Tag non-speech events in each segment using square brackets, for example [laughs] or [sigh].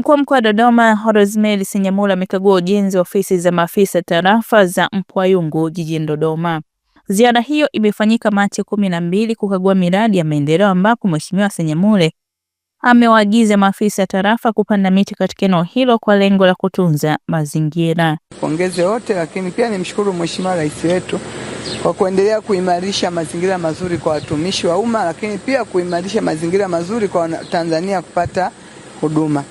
Mkuu wa mkoa wa Dodoma Rosemary Senyamula amekagua ujenzi wa ofisi za maafisa tarafa za Mpwayungu jijini Dodoma. Ziara hiyo imefanyika Machi kumi na mbili kukagua miradi ya maendeleo ambapo Mheshimiwa Senyamule amewaagiza maafisa tarafa kupanda miti katika eneo hilo kwa lengo la kutunza mazingira. Pongeze wote, lakini pia nimshukuru Mheshimiwa Rais wetu kwa kuendelea kuimarisha mazingira mazuri kwa watumishi wa umma, lakini pia kuimarisha mazingira mazuri kwa Tanzania kupata huduma.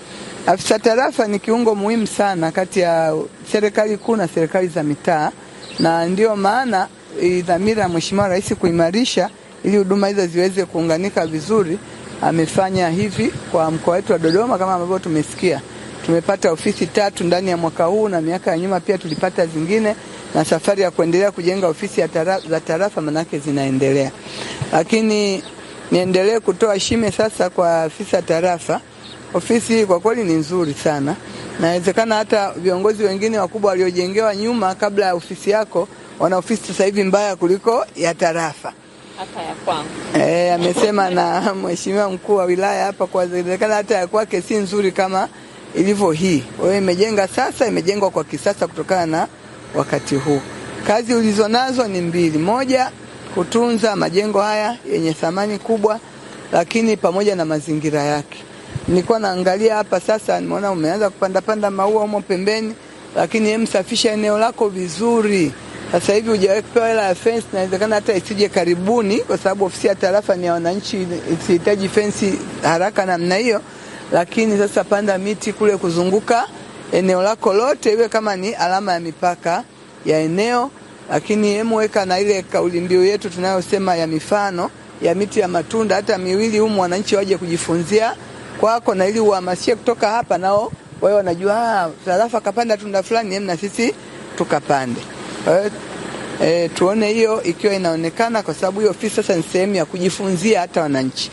Afisa tarafa ni kiungo muhimu sana kati ya serikali kuu na serikali za mitaa, na ndiyo maana dhamira ya Mheshimiwa Rais kuimarisha ili huduma hizo ziweze kuunganika vizuri, amefanya hivi kwa mkoa wetu wa Dodoma. Kama ambavyo tumesikia, tumepata ofisi tatu ndani ya mwaka huu, na miaka ya nyuma pia tulipata zingine, na safari ya kuendelea kujenga ofisi tarafa, za tarafa manake zinaendelea. Lakini niendelee kutoa shime sasa kwa afisa tarafa Ofisi kwa kweli ni nzuri sana, nawezekana hata viongozi wengine wakubwa waliojengewa nyuma kabla ya ofisi yako wana ofisi sasa hivi mbaya kuliko ya tarafa hata ya kwangu. E, amesema na [laughs] mheshimiwa mkuu wa wilaya hapa, kwa inawezekana hata ya kwake si nzuri kama ilivyo hii. Kwa hiyo imejenga sasa, imejengwa kwa kisasa kutokana na wakati huu. Kazi ulizonazo ni mbili, moja kutunza majengo haya yenye thamani kubwa, lakini pamoja na mazingira yake Nilikuwa naangalia hapa sasa, nimeona umeanza kupandapanda maua humo pembeni, lakini emsafisha eneo lako vizuri. Sasa hivi hujawahi kupewa hela ya fence, inawezekana hata isije karibuni, kwa sababu ofisi ya tarafa ni ya wananchi, isihitaji fence haraka namna hiyo. Lakini sasa panda miti kule kuzunguka eneo lako lote, iwe kama ni alama ya mipaka ya eneo. Lakini hemu weka na ile kauli mbiu yetu tunayosema ya mifano ya miti ya matunda, hata miwili humu wananchi waje kujifunzia kwako, na ili uhamasishe kutoka hapa, nao wao wanajua ah, Sarafu kapanda tunda fulani, na sisi tukapande. E, tuone hiyo ikiwa inaonekana, kwa sababu hiyo ofisi sasa ni sehemu ya kujifunzia hata wananchi.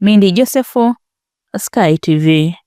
Mindi Josefu, Sky TV.